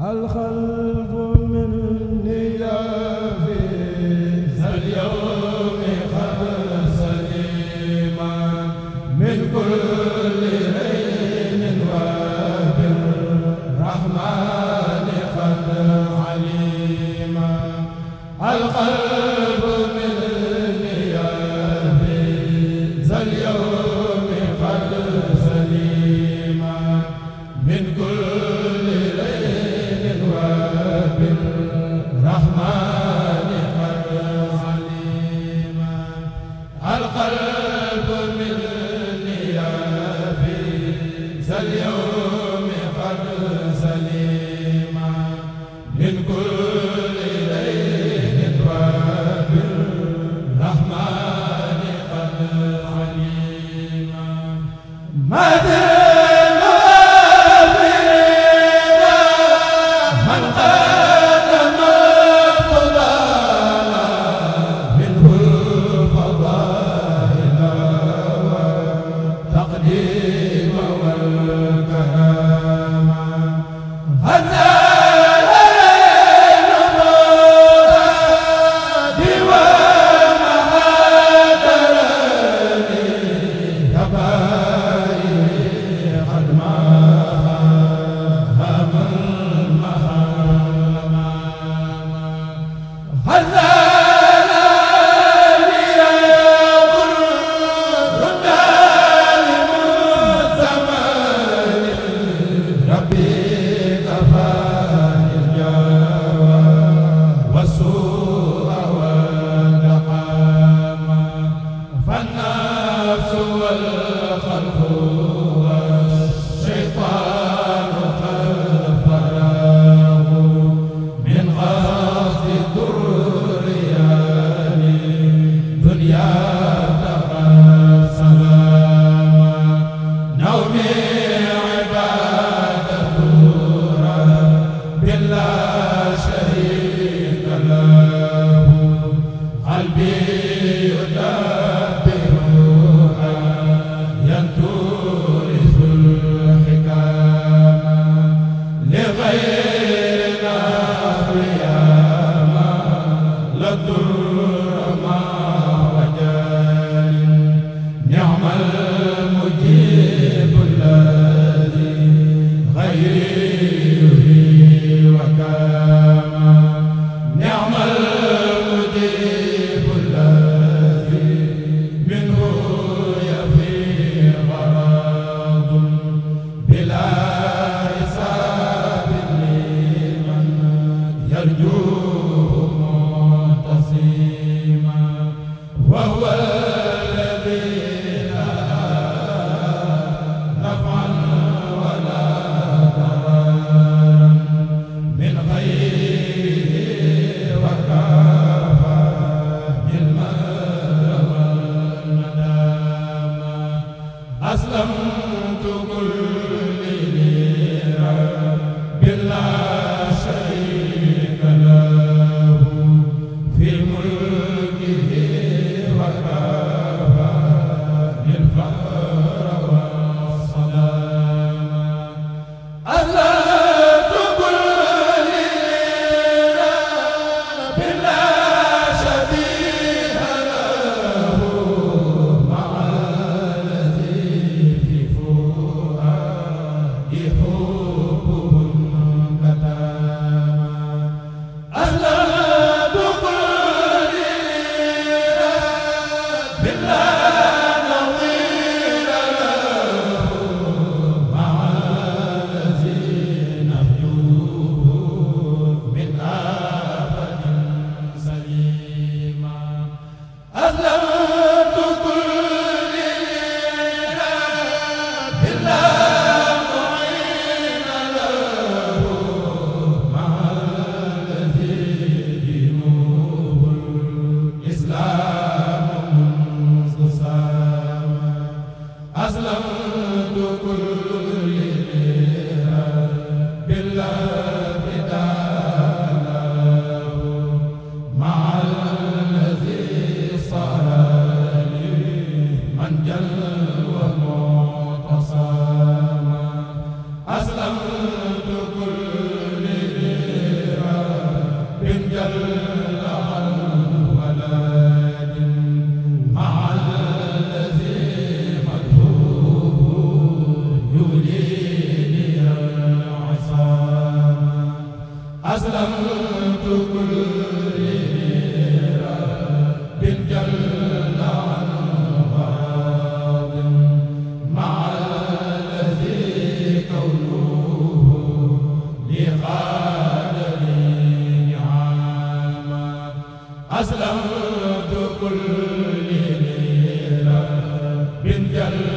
الخلق النفس والخلق jàll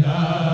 la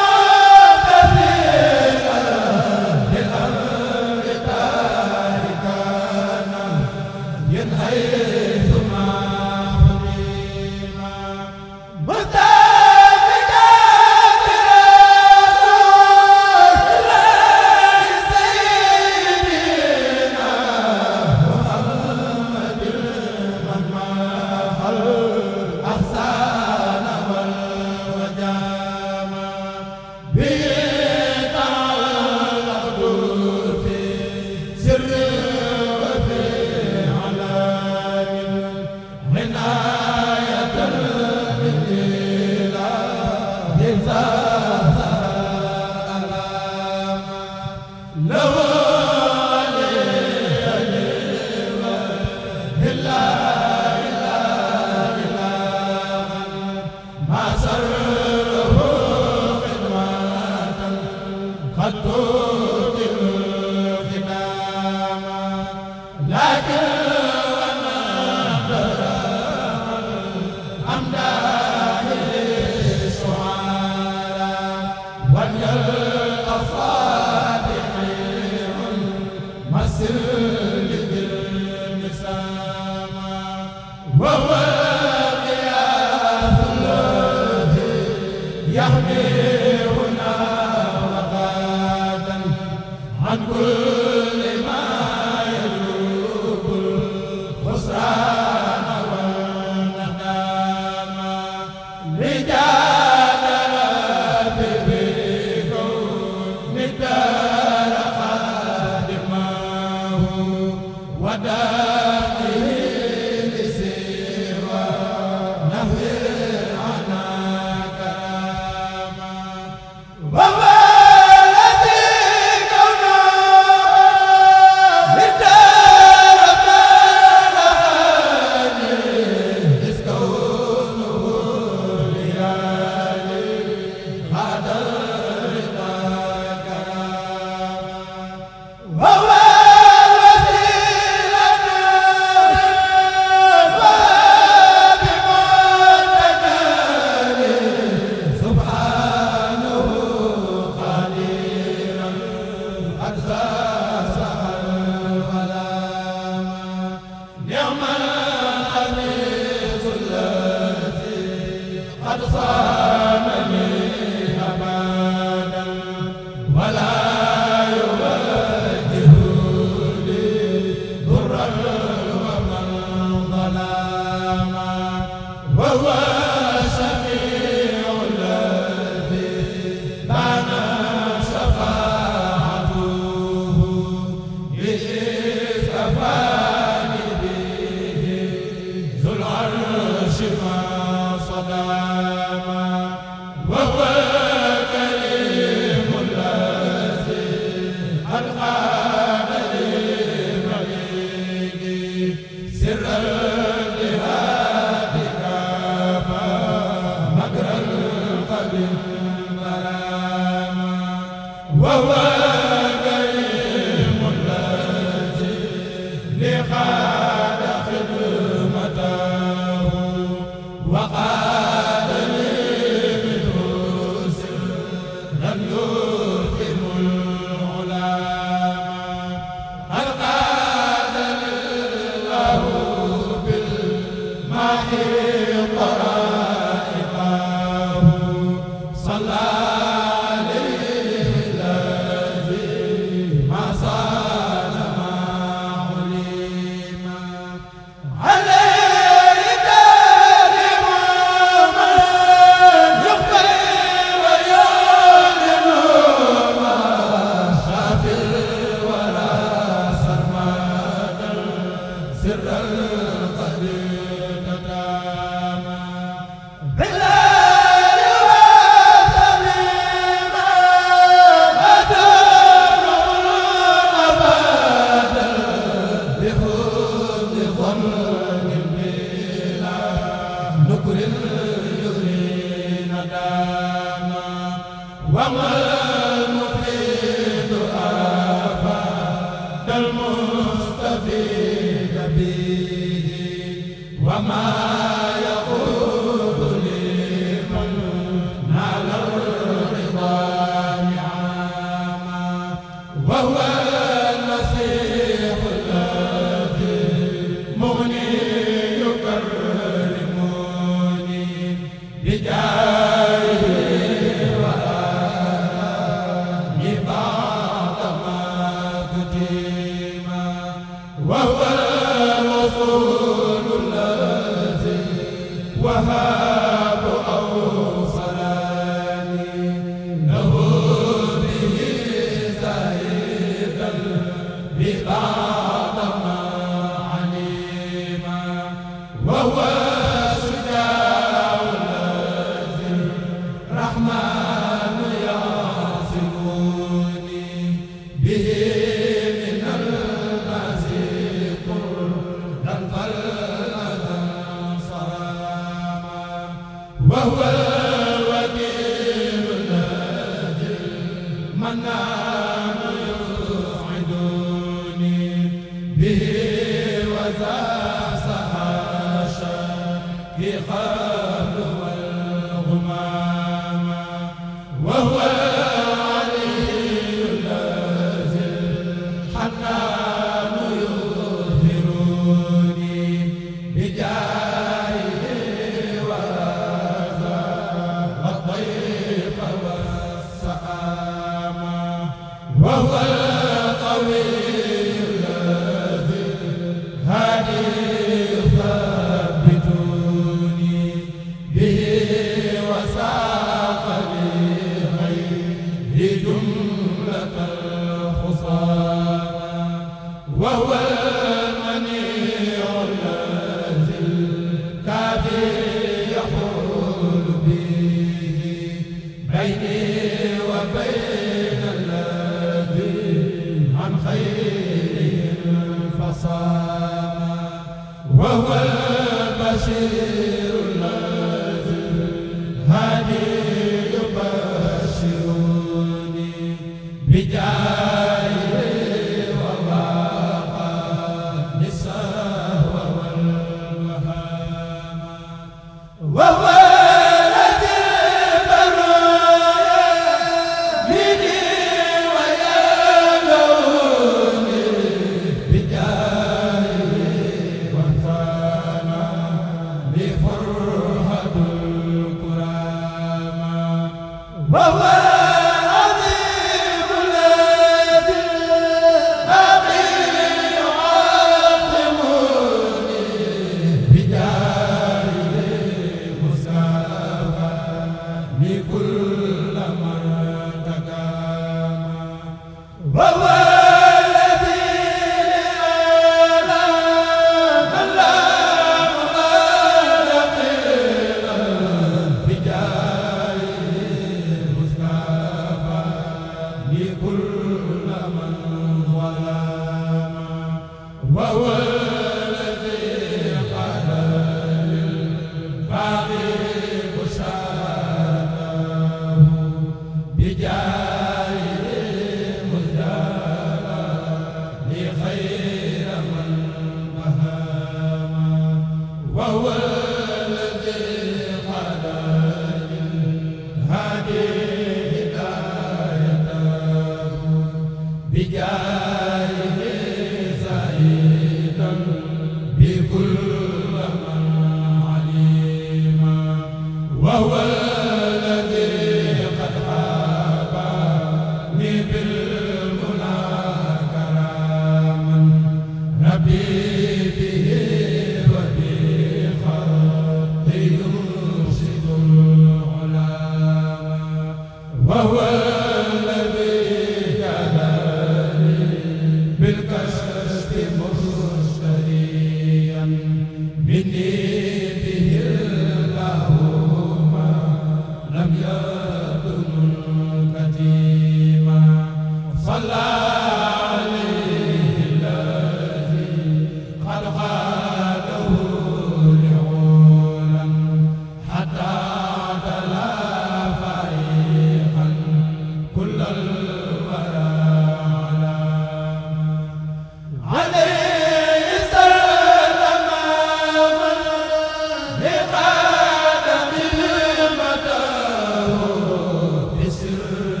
sir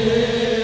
Amen.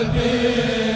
Rabbi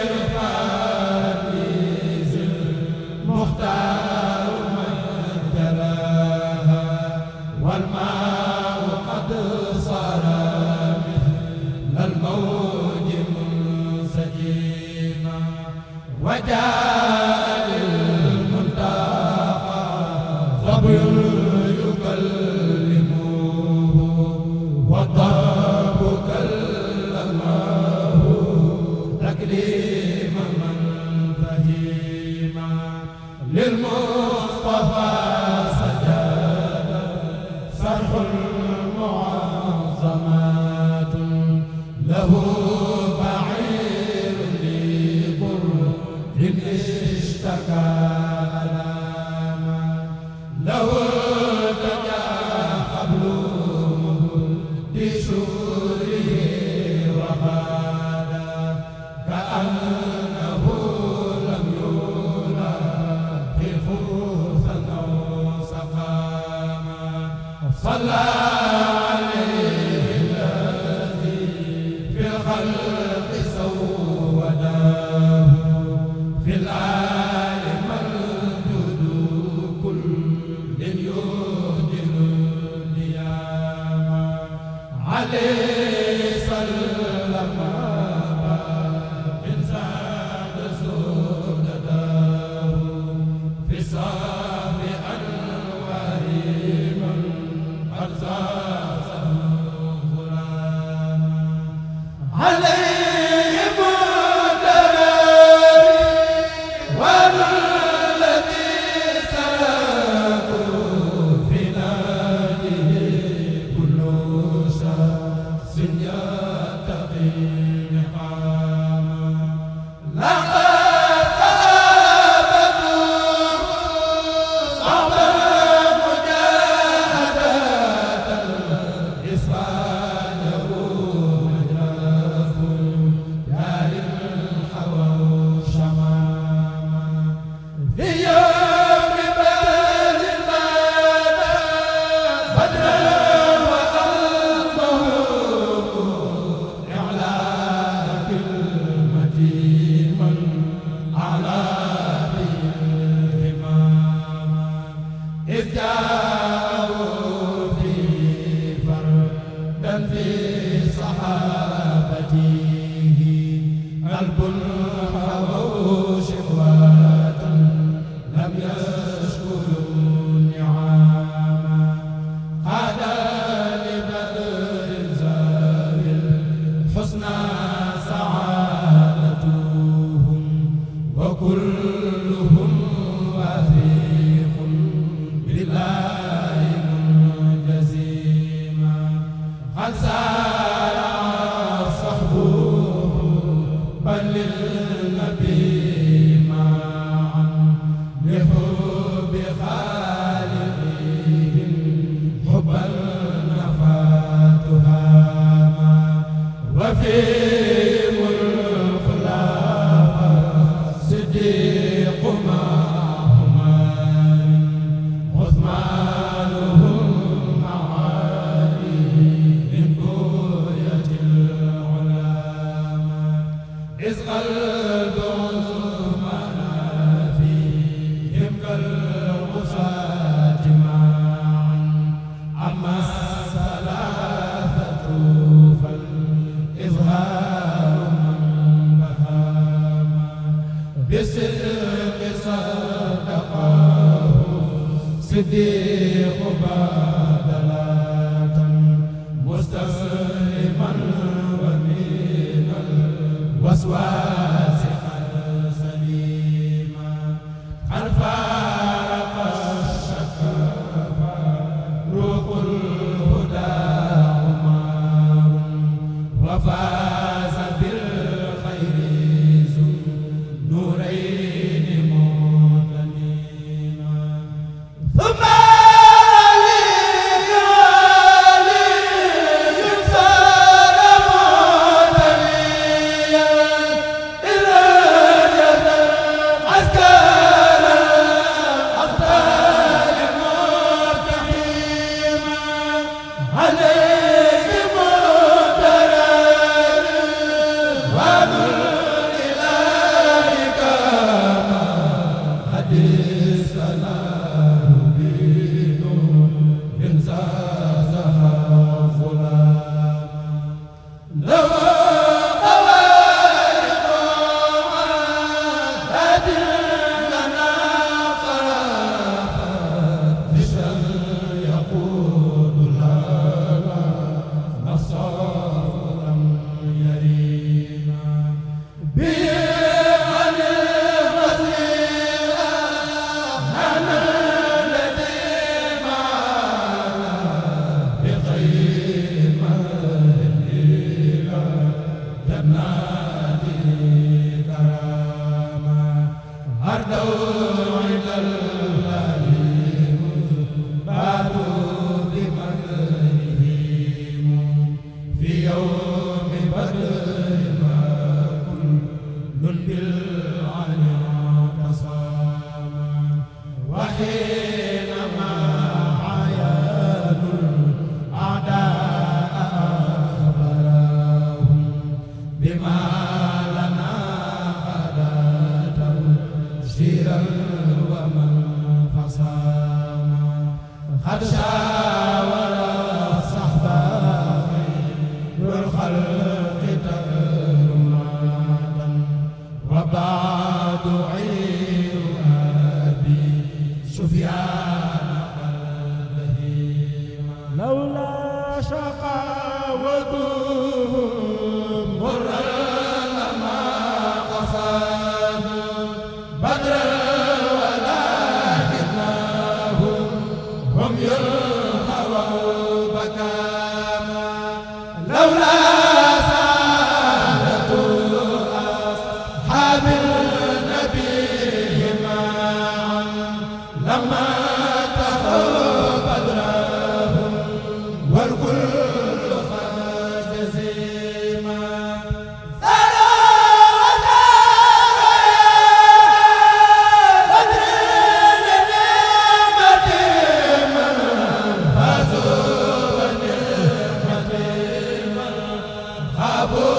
Bravo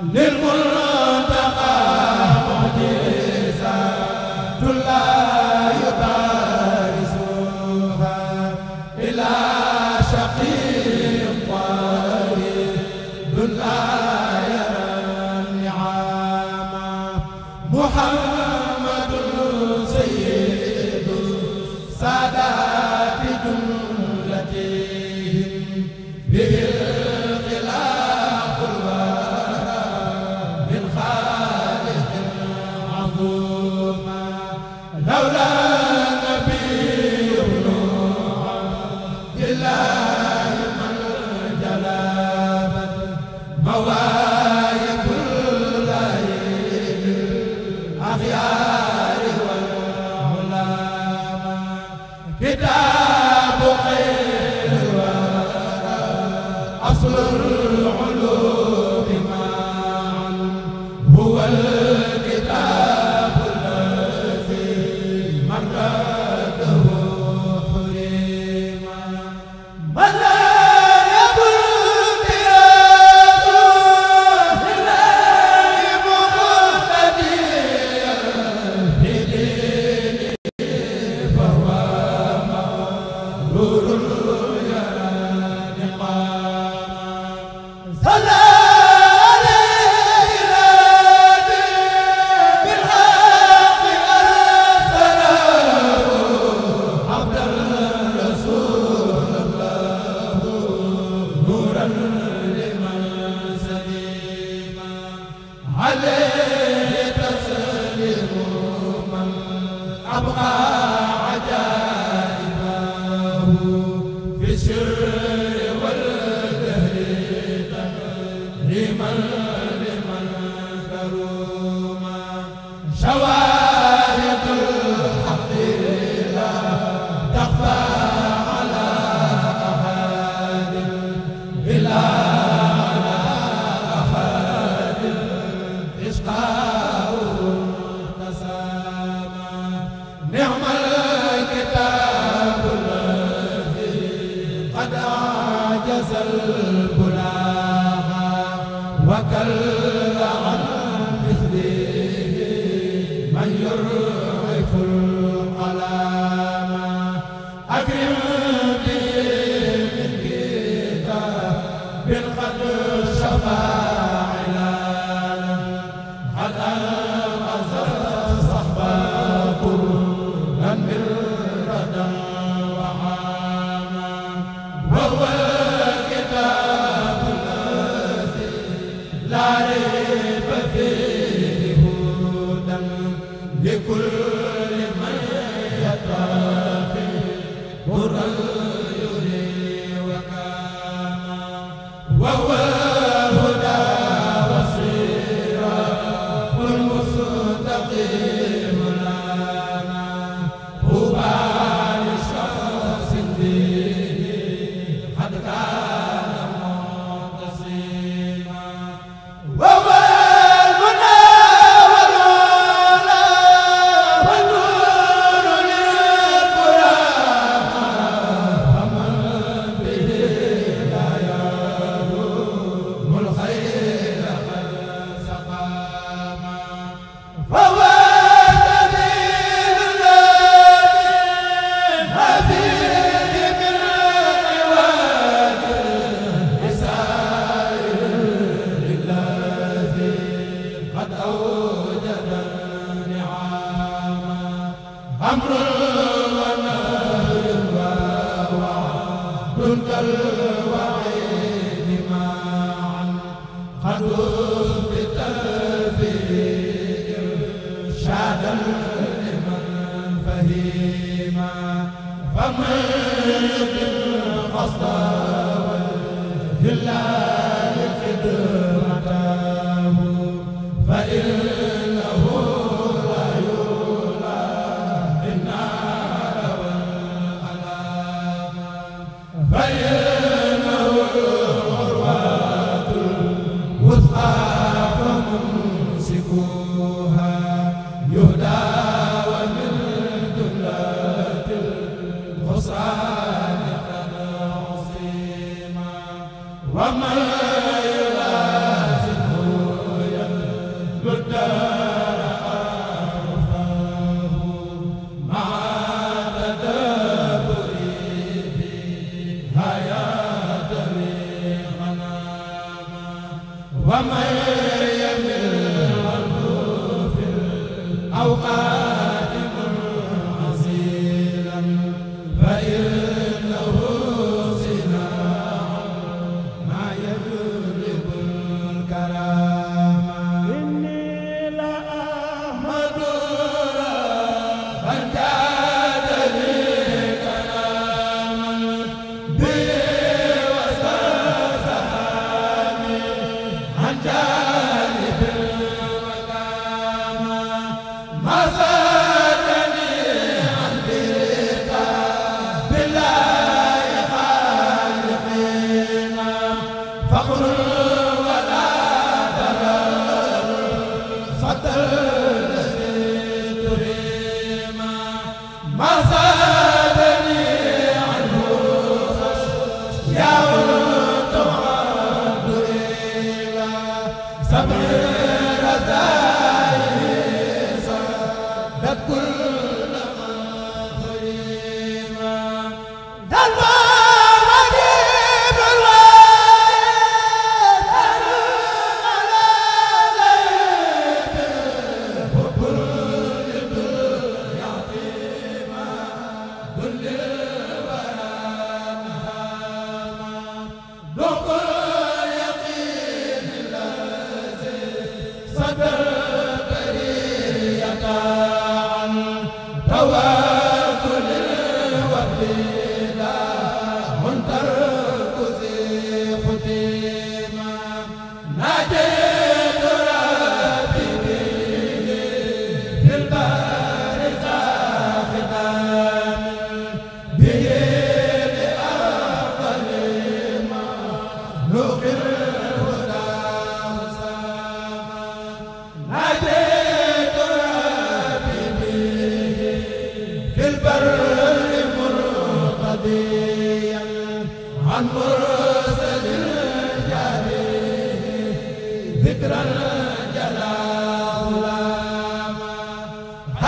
lil Allahu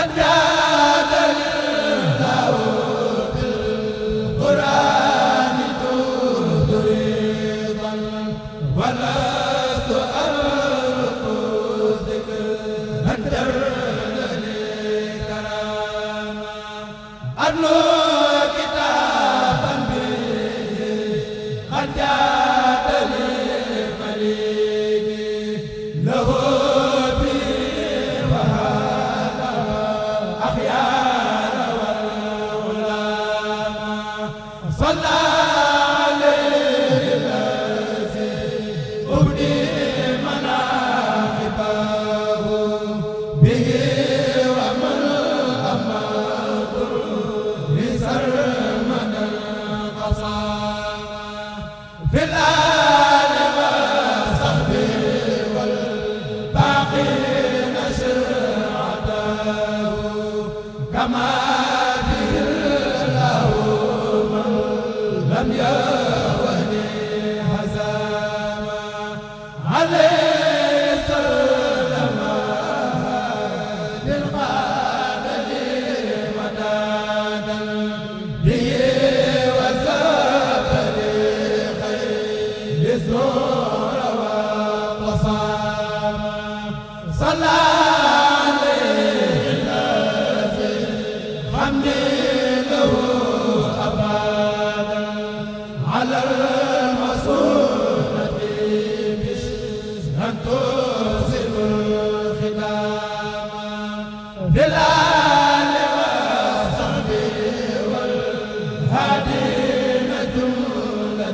hatta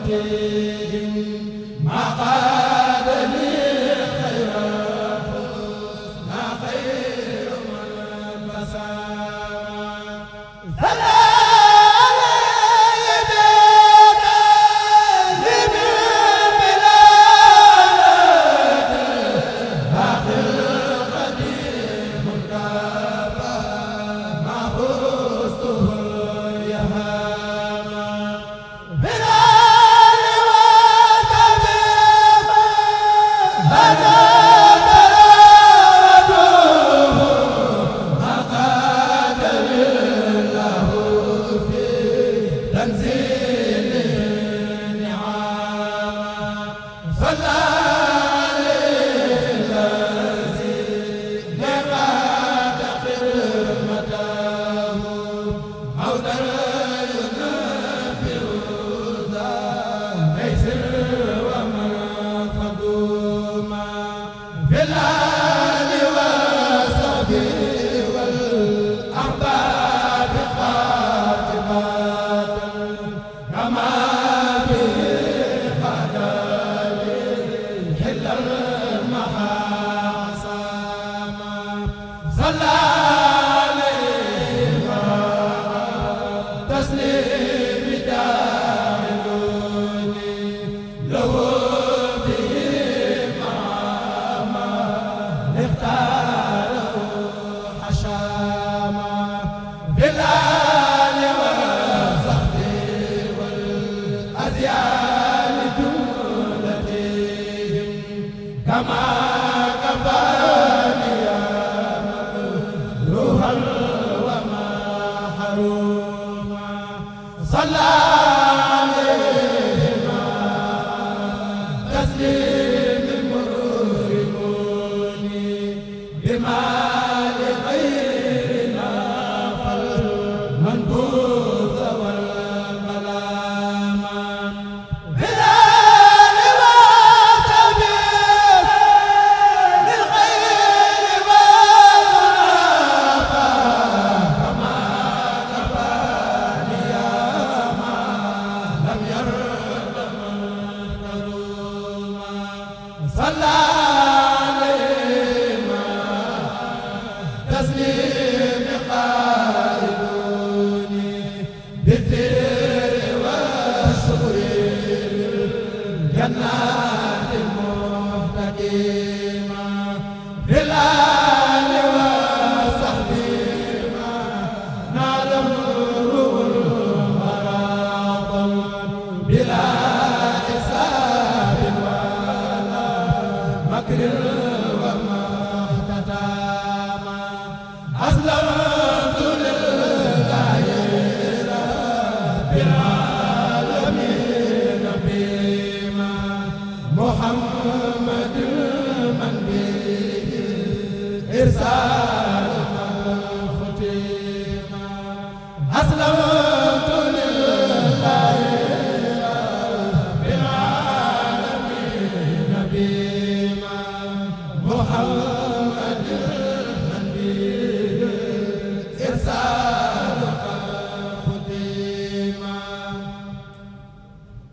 عليهم مقام